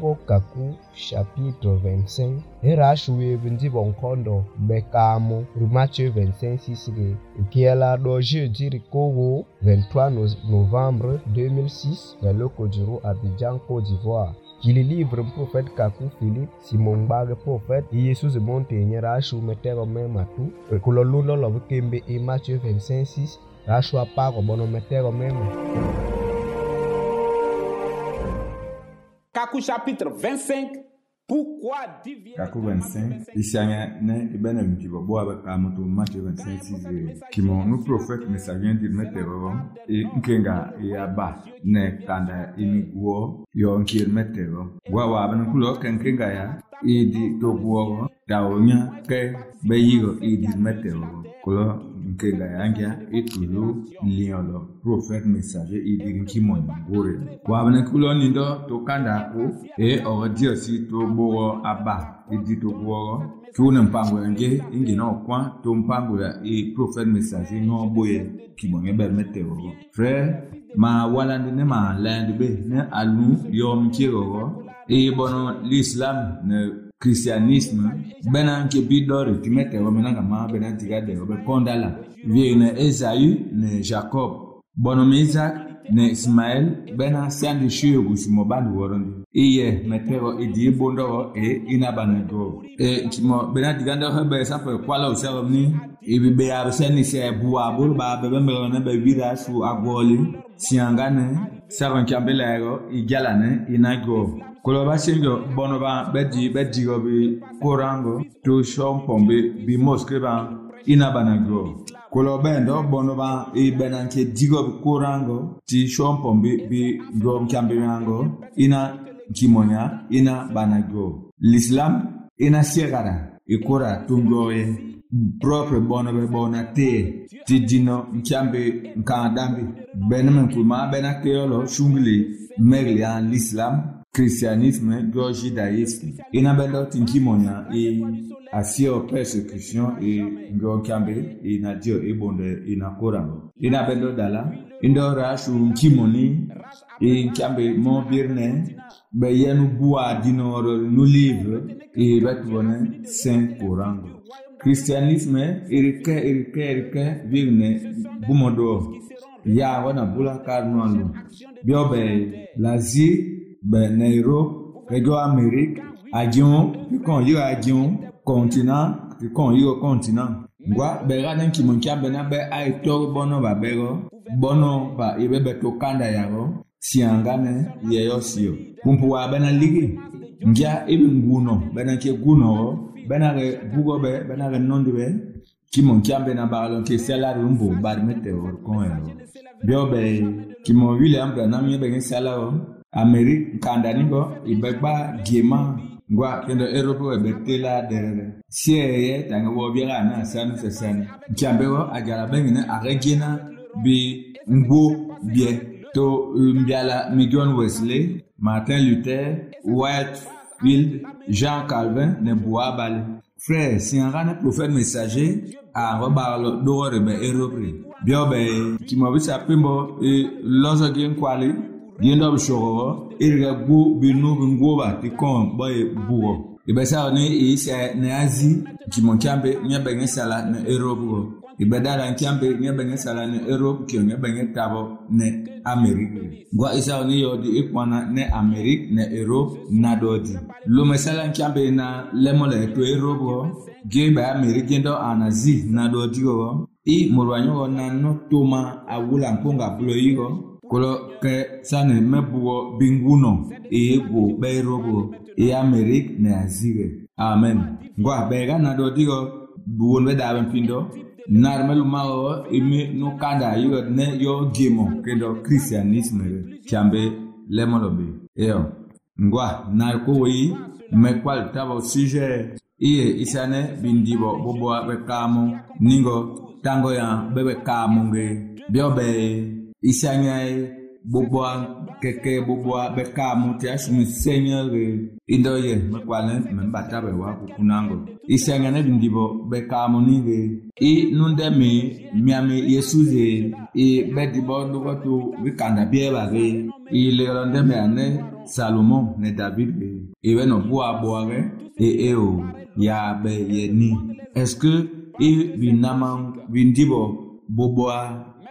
Koukou kakou chapitre 25 E rachou e vendi bon kondon Mbe ka amon Matye 25-6 E ki ala do je di re koukou 23 novembre 2006 Na lo kodjouro abidjan kodjivwa Ki li livre m profet kakou Filip, Simon bag profet E yesou se montenye rachou metè gomen matou E koulon lounon lo vke mbe E matye 25-6 Rachou apak ou bonon metè gomen matou Kaku chapitre 25. Pourquoi divine Kaku 25, Isanya ne ibana mjiba boa amoto mate 25 size kimo nu prophet mesavien di metero Et nkenga e aba ne kanda ini guo yo nkir metero wa wa ban kulo kenkenga ya e di to guo da onya ke beyo e mettre metero kulo Nkela yangia itulu liolo prophet messager e idirinki moni gore. Wabne kulo nindo tokanda ko e odio si to bogo aba idi e to bogo tuna mpango yange ingina e okwa to mpango ya e prophet messager no boye kibonge ber meteo. Frère ma walandi ne ma landi ne alu yom kirogo e bono l'islam ne kristianisme bena nke bi dɔ retime tɛ wɔ mena kama bena tiga dɛ wɔ kondala. kɔnda la vie ne ezayu ne jacob bɔnɔme isak ne ismael bena siandi si ogusumɔ ba du wɔrɔ ndi iye mɛtɛ wɔ edi ebo dɔ wɔ e ina ba ne dɔ e tsimɔ bena tiga dɔ hɛ bɛ safɔ ekwala ni ebi bɛ a bɛ sɛ ni sɛ bua bolo ba bɛ bɛ mɛ wɔ ne bɛ wi su agbɔli sianga ne sɛbɛn kyan bɛ la Kolo basil yo bonoban bejji, bejji gobi korango, tou shonponbe bi moskri ban ina banagyo. Kolo ben do, bonoban e benan kejigobi korango, ti shonponbe bi go mkambi rangon, ina kimonya, ina banagyo. Lislam, ina shekada, e kora tun go e mprope bonoban bonate, ti jino mkambi, mkandambe, benan mkouman, benan keyo lo, shungli, megli an lislam, christianisme Georgi Daïs, Inabelot Nkimonya et assis aux persécutions et Ngokambe et Nadio et Bonde et Nakorango. Inabelot Dala, Indorashu Nkimoni et Nkambe Montbirne, yenu Boua Dinor nous livre et Betbonne Saint Korango. Christianisme, irike irike virne Virne, Bumodo, Ya wana bula karnuanu. Biobe, lazi bɛnɛro ɛdzo amerik adziwo kikɔn yi adziwo kɔntina kikɔn yi kɔntina gua bɛra ne nkimo nkia bena bɛ ayetɔ bɔnɔ babɛ rɔ bɔnɔ ba yebe bɛ to kanda ya siangane yeyɔ sio kumpu wa bena ligi nkia ebe nguno bena nke guno rɔ bena re bugɔ bɛ bena re nɔndi bɛ kimo nkia bena bagalɔ nke salari nbo bari mete rɔ kɔn ya rɔ bɛ o bɛ kimo william mi bɛ nke salari rɔ. Amerik, kandani go, ibek e pa geman. Gwa, kendo Eropi webekte la derere. Siyeye, tanga wovye la ane asen fesen. Djambe go, agaraben mine, are genan bi mbo bie. To, mbyala um, Migyon Wesley, Martin Luther, Whitefield, Jean Calvin, ne mbo wabali. Fre, si angane profet mesaje, anwe barlo do worebe Eropi. Byo be, ki mwavis api mbo, e lonzo gen kwali. yẽnda b sogbo ɩrga go bɩ nuub n gooba tɩ kõo ba ye bugɔ y ba sag ne isa ne azi jimo kiambe nyɛ bɛŋɛ sala ne erop go y ba dala n kiambe sala ne erop kio nyɛ bɛŋɛ tabo ne amerik gwa y sag ne yɔɔdi y kõna ne amerik ne erop nadɔɔdi lome sala n kiambe na lɛmɔ la to erop go ba amerik gẽndɔ ana na nadɔɔdi go i morwa nyɔgɔ na no toma awula n kõnga kolo ke sange me binguno iye bu beiro bu iye amerik ne amen ngwa bega na do digo buwon be da ben findo nar melu mawo imi no kanda yo ne yo gemo kendo christianisme chambe lemolo bi yo ngwa nar ko wi tabo sije iye isane bindibo bobo be kamo ningo tango ya bebe kamo nge biobe isianyae gbogbo keke gbogbo beka amuti asumi senya le idɔ yɛ mekpa lɛ mɛ wa kuku nango isianya ne dundibɔ beka muni le i mi miami yesu le i bɛ dibɔ dɔgɔto bi kanda bie ba le i le yɔrɔndɛmi ane salomo ne david le i bɛ nɔ bu aboa lɛ e e o ya be yɛ ni est ce que i bi nama bi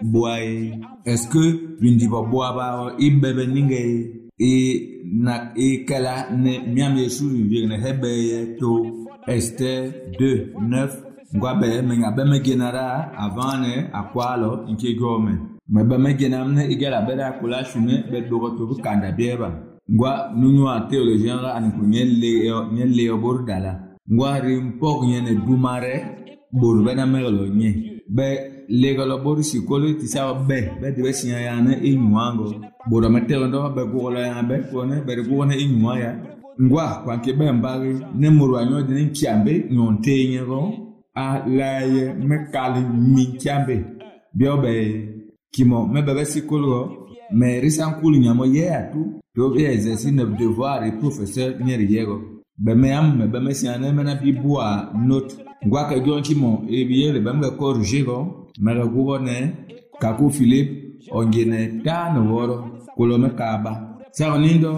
boa ye est-ce que bindiba boaba i bɛbɛ niŋɛ ye i e na i e kala ne miam ye su vivigne he bɛ ye to esther 2 9 ngwa bɛ me ŋa bɛ me gena ra avant ne a kua lɔ n me me me gena ne i gɛla bɛ ra kola su ne bɛ to kanda biɛ ba ngwa nunyua théologien ra ani ko nyɛ le nyɛ le e bor dala ngwa rim pok nyɛ ne dumare bor bɛ na mɛgɛ lɔ nyɛ be legalo bori si kolo ti sa be be de si ya na inyuango bora metelo ndo be golo ya be ko ne be ko ne inyua ya ngwa kwa ke be mbari ne muru anyo de nkiambe nyontenye ro a laye mekali minkiambe bio be kimo me be si kolo me risan kulu nyamo ye tu to be exercice ne devoir et professeur nyeri yego be me am me be me si na me na bi boa note gwaka gyonkimo ebiyele bamga koru jibo maga gubone kaku philip ongine tano woro kulome kaba sago nindo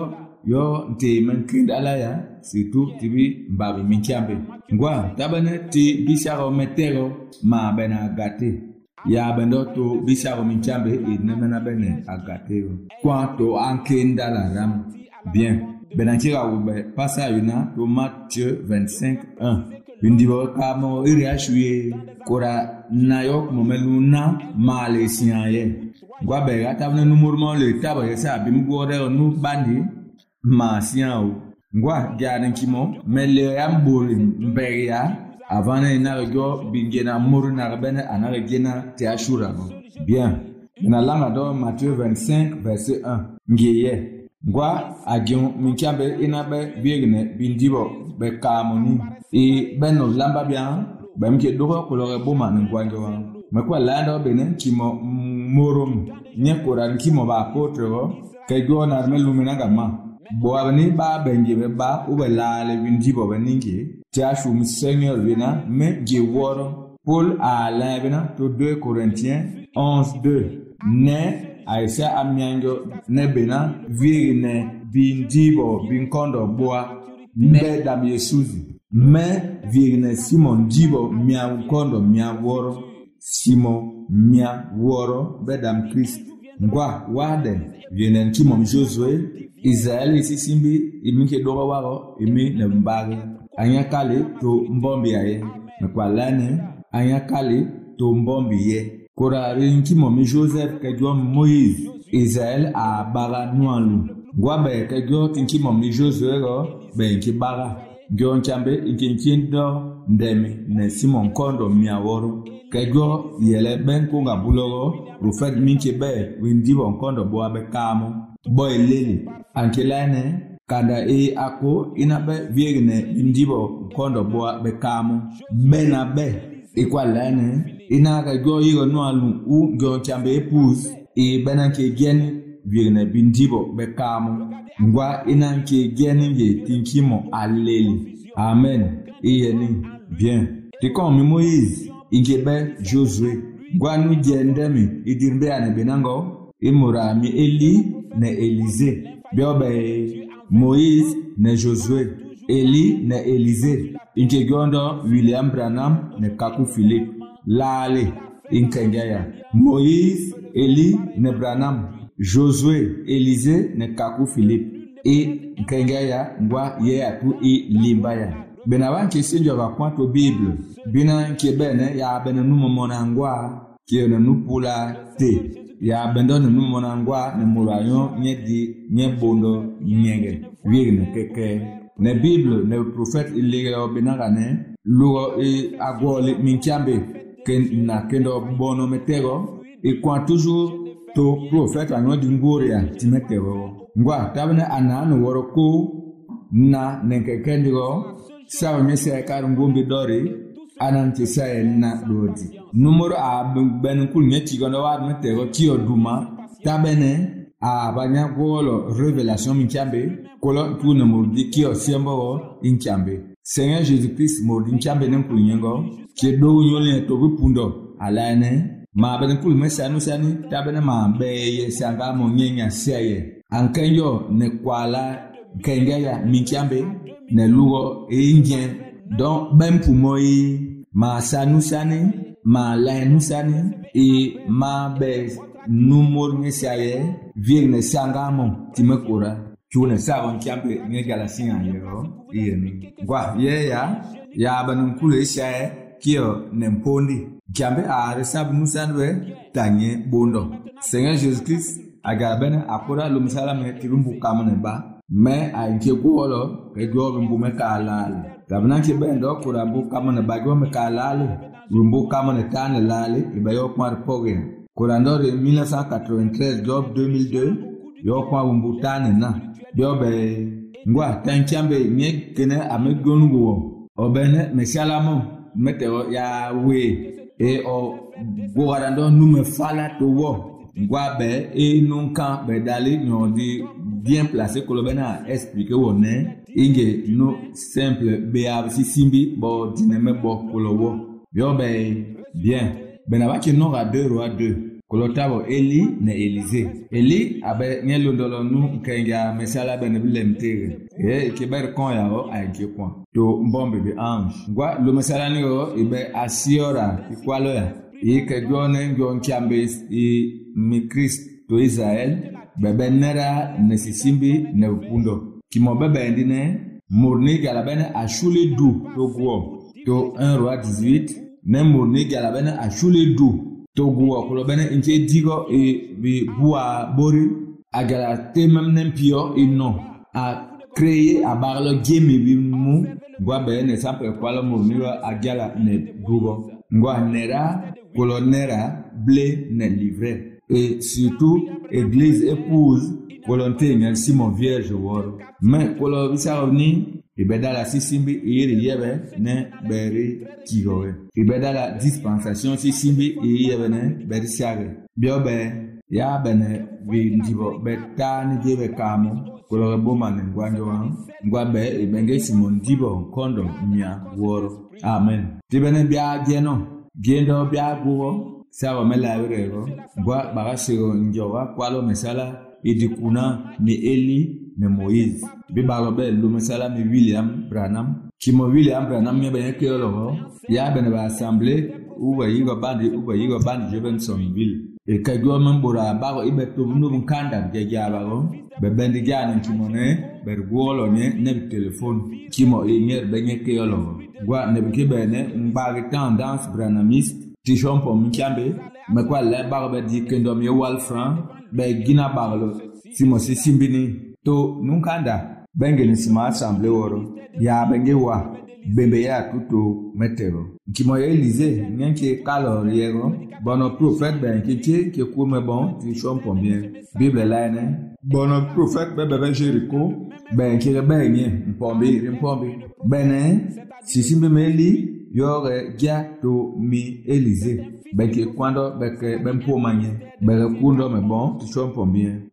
yo nti mankind alaya situ tibi mbabi minkiambe ngwa tabane ti bisago metero ma bena gate ya bendo to bisago minkiambe inemena e bene agateo kwa to ankenda la ram bien benanki ga wube pasa yuna to Matthew 25 1 Bindibo kamo iriashue kora nayok momeluna male sianye. Gwabe atavne numurmo le tabo yesa bimgwore onu bandi ma sian Ngwa gyarin kimo mele yambol mberia avana inargo bingena muru narbene anargena te ashura. Bien. Mena langa do Matthieu 25 verset 1. Ngeye. Ngwa agion minkambe inabe biegne bindibo be e bẽn n lamba bɩa bãmb ke dʋg kʋlg bʋma n goangẽ wã me kua laandg be ne n tɩm morom yẽ koran kɩmõ baa pootrgo ka goonad me lũmi nãngãmbã boab ne baa bẽnge bɩ ba b bɩ laale bĩn-dɩbã bã ninge tɩ a sʋʋm seigneur bɩna me ge wɔɔr paul a lẽ bɩna tɩ 2 corintien 11 2 ne a y sɛ a miãngo ne bena vɩɩg ne bĩn-dɩɩbɔ bĩn-kõndɔ boa n bɛ dãmb yesuzi me wiegne Simon dziwo miał kondo mia woro Simo mia woro bedam Christ ngwa waden wiene nkimom Josue Israel isisimbi imi ke doba waro imi ne mbari anya kale to mbombi aye mekwalane anya kale to mbombi ye kora re nkimom Joseph ke jom Moïse Israel a bara nuanu ngwa be ke jom nkimom Josue ro be nkibara gion cambe ikencindo ndemi ne simon kondo miaworo kego yele ben kunga bulogo rufet minke be windibo nkondo bwabe kamo bo eleli anke lene kanda e ako ina be viegne indibo nkondo bwabe kamo bena be ikwa lene ina kego yigo nualu u gion cambe epus i bena ke geni wirne bin dibo ɓe kaamu ngwa inanke geninge tinkimo aleli amen iyeni bien tikon mi moise inke be josue ngwa nu gendemi idirɓe ane ɓenango imura mi eli ne elize ɓeo ɓe moise ne josue eli ne elize inke gondo william branam ne kaku philip laale inkengeya moise eli ne branam josué elize ni kaku filipi i gɛngɛya ngwa yeatu i limbaya bena ban ke silvia va põa to bible bina ke bene yaa bene numemɔ na ngwa ke ne nupu la te yaa bendɔ ne numemɔ na ngwa ne mora yõ nyɛ di nyɛ bondo nyɛŋɛ wiig ne kɛkɛ ne bible ne profɛt i legrɛ o bena ka ne lugɔ i e, agɔɔli minkiambe ken na kendɔ bɔɔnɔ me tɛgɔ e i kõa toujours to profet anọdị ngwa ụrịa chineke rụrụ ngwa tabụna ana anụwọrọ ko na na nke kendịghọ sao nyesa karị ngwombe dọrị anantisaye na dodi numero a ben kul ne ci gono wa ne tego ci oduma tabene a banya golo revelation min chambe kolo tu ne mordi ki o sembo o in chambe seigneur jésus christ mordi in chambe ne kul nyengo ke do nyole to bu pundo alaine ma bene kul me sanu sani ta bene ma be ye sanga mo nyenya seye ankenyo ne kwala kengeya minkiambe ne lugo e inje don bempu moi ma sanu sani ma lainu e sani e ma be numor ne seye vir ne sanga mo timekura chune sawa nkiambe ne gala singa yero iye e ni gwa ye ya ya bene kul e seye kio ne mpondi jambe are sabu nusanwe tanye bondo seigneur jésus christ agara bene akura lo misala me kirumbu kamne ba me a nke kuwolo ke gyobe mbume kalale gabna ke bende okura mbu kamne ba gyobe kalale rumbu kamne tane lale ibe yo kwar poge kurando de 1993 job 2002 yo kwa mbu tane na gyobe ngwa tanchambe nye kene amegonu wo obene mesialamo meteo ya we e o boara dɔ me to wɔ gua bɛ e nu kan dali nyɔ di bien placé kolo bɛ na expliqué wɔ nɛ inge no simple bɛ a bon dynamique bɔ dinɛmɛ bɔ kolo wɔ yɔ bɛ bien bɛnabaki nɔ ka deux rois deux. kolotabo eli ne elize eli abe nye londɔlɔ nu nkɛnkɛ amesiala bɛ ne bi lɛm teere ye ekebɛri kɔn ya o a kɔn to nbɔn bebe ange gwa lomesiala ni o ebe asiɔra ikwalo ya yi ke jɔ ne jɔ nkiambe i mi krist to israel bɛbɛ nɛra ne sisimbi ne kundo kimɔ bɛbɛ ndi ne morni gala bɛ ne asule du to goɔ to 1 roi 18 ne morni gala bɛ ne asule du togungo kulo bene inte digo e bi bua bori agala te mem nem pio e a créer a barlo game bi mu gwa bene sapre kwalo mu mi agala ne bugo ngwa nera kulo nera ble ne livre e surtout église épouse volonté ngel simon vierge woro mais kulo bisaro ni Ebeda la sisimbe eye le yebe ne beri kigowe. Ebeda la dispensation sisimbe eye yebe ne beri siage. Bia be ya bene vi ndibo be ta ni debe kamo kolore boma ne ngwanjo wa ngwa be ibenge simo ndibo kondo mia woro. Amen. Tibene bia jeno biendo bia guwo sawa mela wirego gwa bagasiro njowa kwalo mesala idikuna ni eli Ne Moïse. Bi bago be, lume salami William Branham. Kimo William Branham nye bè nye kè yo lo ho. Ya bè nye bè asamble. Ouwe yi wè bandi, ouwe yi wè bandi Jevensonville. E kè gwo mè mbora, bago ibe toum nou mwen kandam kè gya wè ho. Bè bè nye gya nye kimo nè, bè gwo lò nè, nèm telefon. Kimo e nye bè nye kè yo lo ho. Gwa nèm kè bè nè, mba gè kandans Branhamist. Ti chonpon mwen kyanbe. Mè kwa lè bago bè di kendom yo walfran. Bè gina bago to nunkanda bengeni sima asamble wɔrɔ ya benge wa bembe ya tuto metero nkimo ya elize nyenke kalɔ riɛrɔ bɔnɔ profɛt bɛn keke ke kuome bɔn ti sɔn pɔnbiɛ bible la yɛnɛ bɔnɔ profɛt bɛ bɛ bɛ zeri ko bɛn nye mpɔnbi ri mpɔnbi bɛnɛ sisi bɛ mɛ li yɔrɛ dza to mi elize bɛn ke kɔndɔ bɛ kɛ bɛ mpoma nye bɛ kɛ kundɔ mɛ ti sɔn pɔnbiɛ.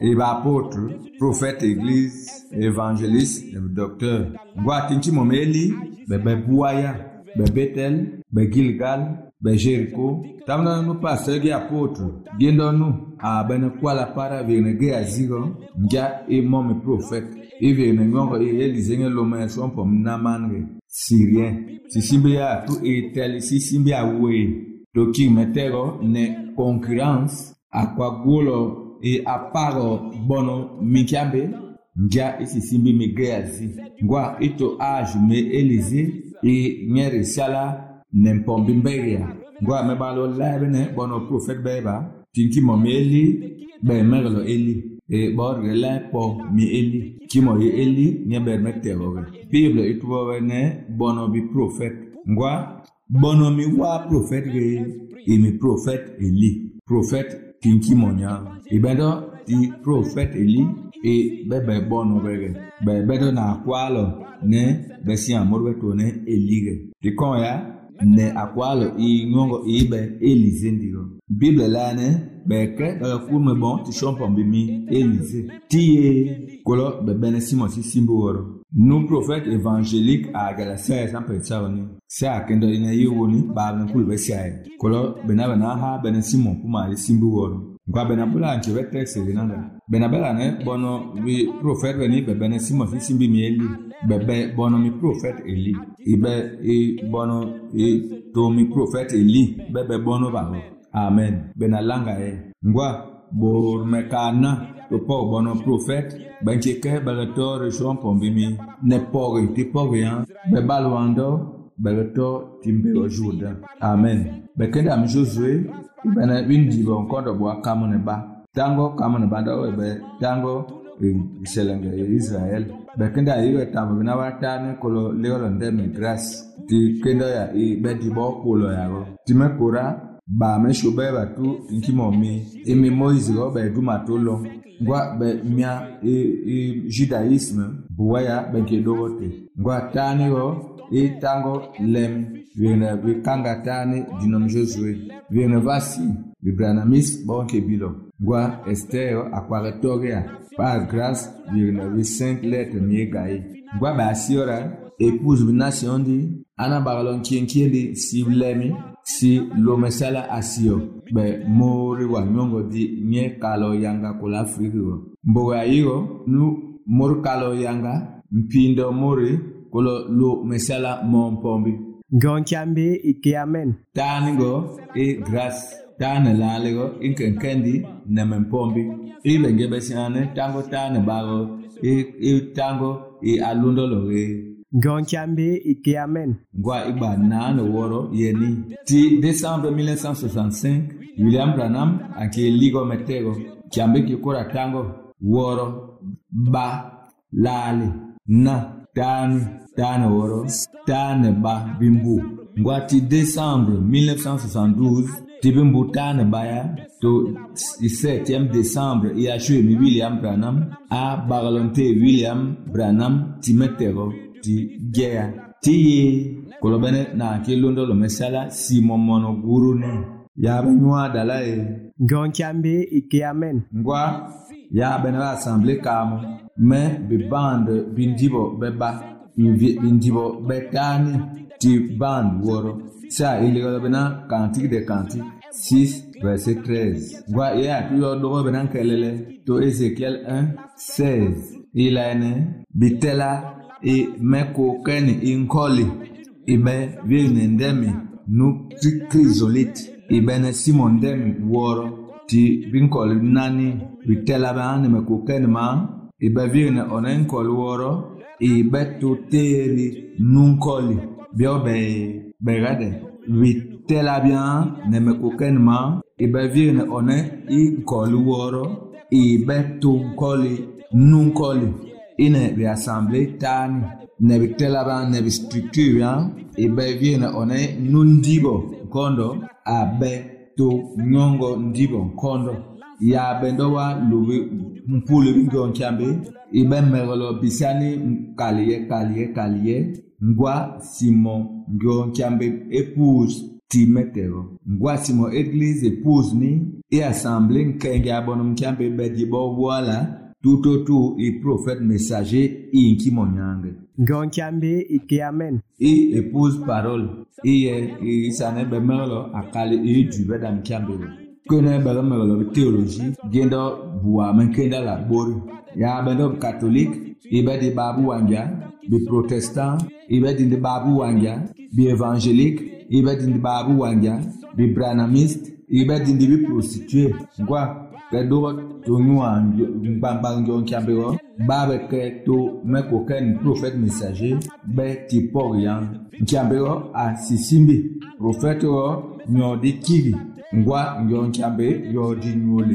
E ba apotro, profet, iglis, evanjelis, doktor. Ngo atinti moun eli, bebe Buwaya, bebe Tel, bebe Gilgal, bebe Jericho. Tam nan nou pastor e ge apotro, gen nan nou, a abene kwa la para veyene ge azigo, mja e moun me profet, e veyene gwen kon e elize nye lomen son poun naman ge siryen. Si simbe ya tou e tel, si simbe ya we, do ki mwete kon, ne konkurans akwa gwo lò, E aparo bono mi kya be Dja isi simbi mi gea zi Gwa ito aj me eli zi E nye resala Nenpon bimbe ria Gwa me balo la venen Bono profet be eva Tin kimo me eli Be merlo eli E borre la pon mi eli Kimo ye eli Nye ber me te ove Pible ito e vo venen Bono bi profet Gwa Bono mi waprofet ge E mi profet eli Profet Eli kinki mɔnya ibe dɔ ti profet eli e bɛ bɛ bɔ nɔvɛgɛ bɛ na akɔ ne besi si amor bɛ to ne eli gɛ ya ne akwalo alɔ i ŋɔŋɔ i elize ndi bible la ne bɛ kɛ ɛfu me bɔn ti sɔn pɔn bi mi elize ti ye kolɔ ne simɔ si simbo wɔrɔ nu profɛt evangelik agalasɛa sãn pa yetsago ni sɛ a kẽndg yẽna yɩ wʋni baab ni kul bɛ sɩa ye kɔlɔ bɩ na bɩ na n haa bɛ ni simon pʋmaale simbi wɔɔrɔ nkɔa bɛ na bʋ la n kɩ bɛ tɛkse rɩ nãda bɛ na bɛ ne bɔnɔ bɩ profɛt bɛ ni bɛ bɛ ne simon fɩ simbi mi eli bɛ bɛ bɔnɔ mi profɛt eli y bɛ y bɔnɔ y tʋʋm mi profɛt eli bɛ bɛ bɔnɔ ba wɔ amen bɛ na langa ye nkɔa boor me kaa na to pɔg bɔnɔ profɛt bɛntsike bɛlɛtɔ région pɔnbimi ne pɔge ti pɔgea bɛ baluandɔ bɛlɛtɔ ti mbewɔ juda amen bɛkɛnde ami zozoe bɛnɛ windi bɔ nkɔdɔ bɔ akamu ne ba tango kamu ne ba dɔ wɛ e bɛ tango ìṣẹlẹ̀ngẹ̀ israel bẹ̀kẹ́ndà yìí wẹ̀ tàbí bí na wá tá ní kolo léọ̀lọ̀ ndẹ́ mi grace ti kéndọ̀ yà í bẹ́ẹ̀ ti bọ́ kó lọ yà rọ. tìmẹ̀ kóra bàmẹ́sọ bẹ́ẹ̀ bàtú nkímọ̀ mi èmi mọ́ ìsìlọ́ bẹ́ẹ̀ dùmà tó lọ. ngwa ben mia e, e, judaïsme buwaya ben geɗowo te ngwa tanigo e tango lem wene ɓe kanga tani dinom josue wene vasi vibranamis bon bilo ngwa Esteo akpage par grâce wene ɓe cinq lettre mie gayi ngwa ɓe asiora épouse nation de ana bagalon kien kiendi si lemi si lo mesala asio be mori wa nyongo di mie kalo yanga kula afriki go mbogo ya igo nu mori kalo yanga mpindo mori kulo lo mesala mompombi ngonkyambi iki amen tani go i e gras tani lali go inkenkendi neme mpombi ilengebesinane tango tani bago i e, e, tango i e, alundo lo e. Gɔn cambe i kiyamen. Gwa i e gba naani wɔɔrɔ yeni. Ti décembre 1965, William Branham a ke ligo metego. Cambe ki kora tango wɔɔrɔ ba laali na taani taani wɔɔrɔ taani ba bimbu. Gwa ti décembre 1972, ti bimbu taani ba ya to 7 décembre i a mi William Branham a bagalonte William Branham ti metego. ti jɛya ti ye kɔlɔbɛ ne na ke lon dɔ lɔmɛ sala si mɔmɔnɔ goro ne yaabe nyɔa dala ye. jɔnkyan bɛ ike e amen. ngwa yaabe ne b'a asanbile kaamu mɛ bi band bindibɔ bɛ ba bindibɔ bɛ taani ti band wɔɔrɔ sa ilegɔlɔ bɛ na kantigi de kanti. 6 verset 13 ngwa ye a tuyɔ dɔgɔ bɛ na kɛlɛ lɛ to ezekiel 1 16 ilayɛnɛ bitɛla imekokeni inkoli imevini ndemi nuktikrizoliti ibene simon ndemi wɔɔrɔ ti binkɔli nani bitelaba nimekokeni ma ibevini onenkɔli wɔɔrɔ ibetoteeri nunkɔli biɔbe bɛgade bitelabia nimekokeni ma ibevini one inkɔli wɔɔrɔ ibetonkɔli nunkɔli. I nè vi asamble tan nèvi telavan, nèvi stiktiv yan. I e bè vye nè onè nou ndibo kondo. A bè tou nyongon ndibo kondo. Ya bè ndowa louve mpoulevi gyon kyanbe. I bè mè golo bisani mkaliye, kaliye, kaliye. Mkwa Simon gyon kyanbe epouz ti mè te yo. Mkwa Simon eklis epouz ni. I e asamble mkèngi abon mkyanbe bè djibo wala. tout autour et prophète messager Inki Monyang. Gonkiambe qui Amen. Et épouse parole. Et il s'en est bien mal à caler et du bedam Kiambe. Connaît pas mal théologie. Gendo boua menkenda la bor. Ya bendo catholique. Et ben des babou wanga, des protestants. Et de des babou wanga, des évangéliques. Et ben des babou wanga, des branamistes. Et ben des prostituées. Quoi? keɖoxɔ tso nua ŋgbagba ŋdzɔŋtsia be ba be ke to me ko ke ni prophet messager be ti pɔg ya ŋtsia be a sisim be prophet wɔ nyɔ de kiri ŋgɔa ŋdzɔŋtsia be yɔ di nuwo le.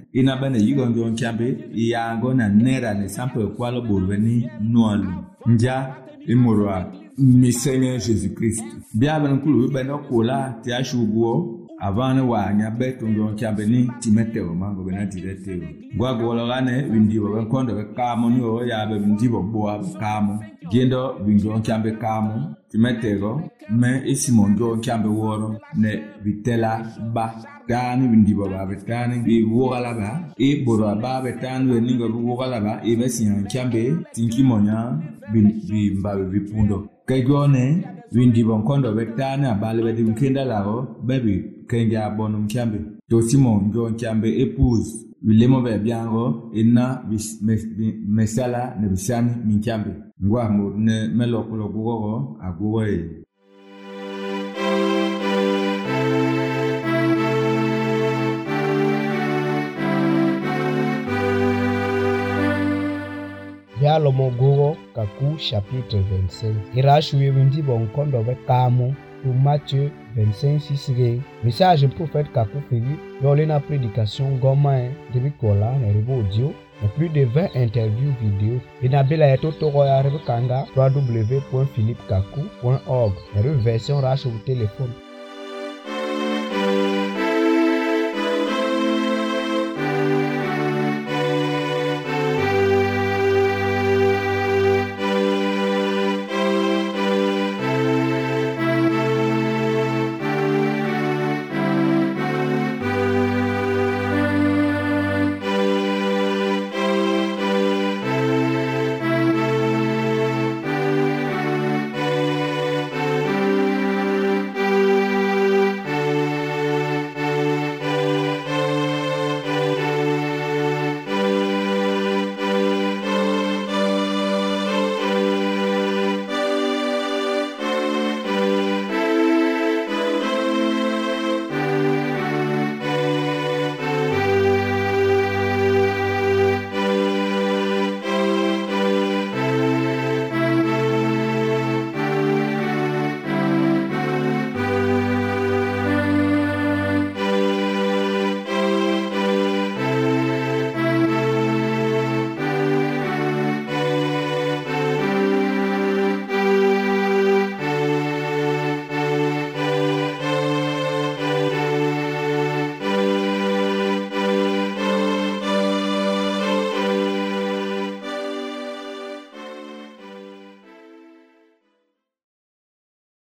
ina bana yigongo nkyambe yango na nera ne sample kwalo bolweni nualu nja imurwa misenge jésus christ biabana nkulu bibana kola ti ashuguo wa avana wanyabe ungionkyambeni timeteo mango benatireteo gwagologane vindivo venkondo vekamo niwo yabe vindivo boa vekamo gendo vingionkyambe kamo timetego me isimongionkyambe woro ne vitela ba tani vindivo babe tani viwogalaba iboro babe tani veningo viwogalaba ivesinyankyambe tinkimonya vimbabe vipundo kegyone vindivo nkondo betani abale bedi nkendalago bebi kenge a bõnem nom kiambe b simon joon kẽambe epuz bɩ lem bɩ bɩãngo d na ne bisani min kiambe ngwa goas ne me gugogo gʋgɔgɔ a gʋgɔ ye Yalomo Gogo Kaku chapitre 25 Irashu yebundi bonkondo be kamo pour Matthieu 25, 6 Message prophète Kakou Philippe dans de la prédication Gomain de Nicolas, les audio et plus de 20 interviews vidéo. Et Nabila est au www.philippekaku.org. Les version rachetée au téléphone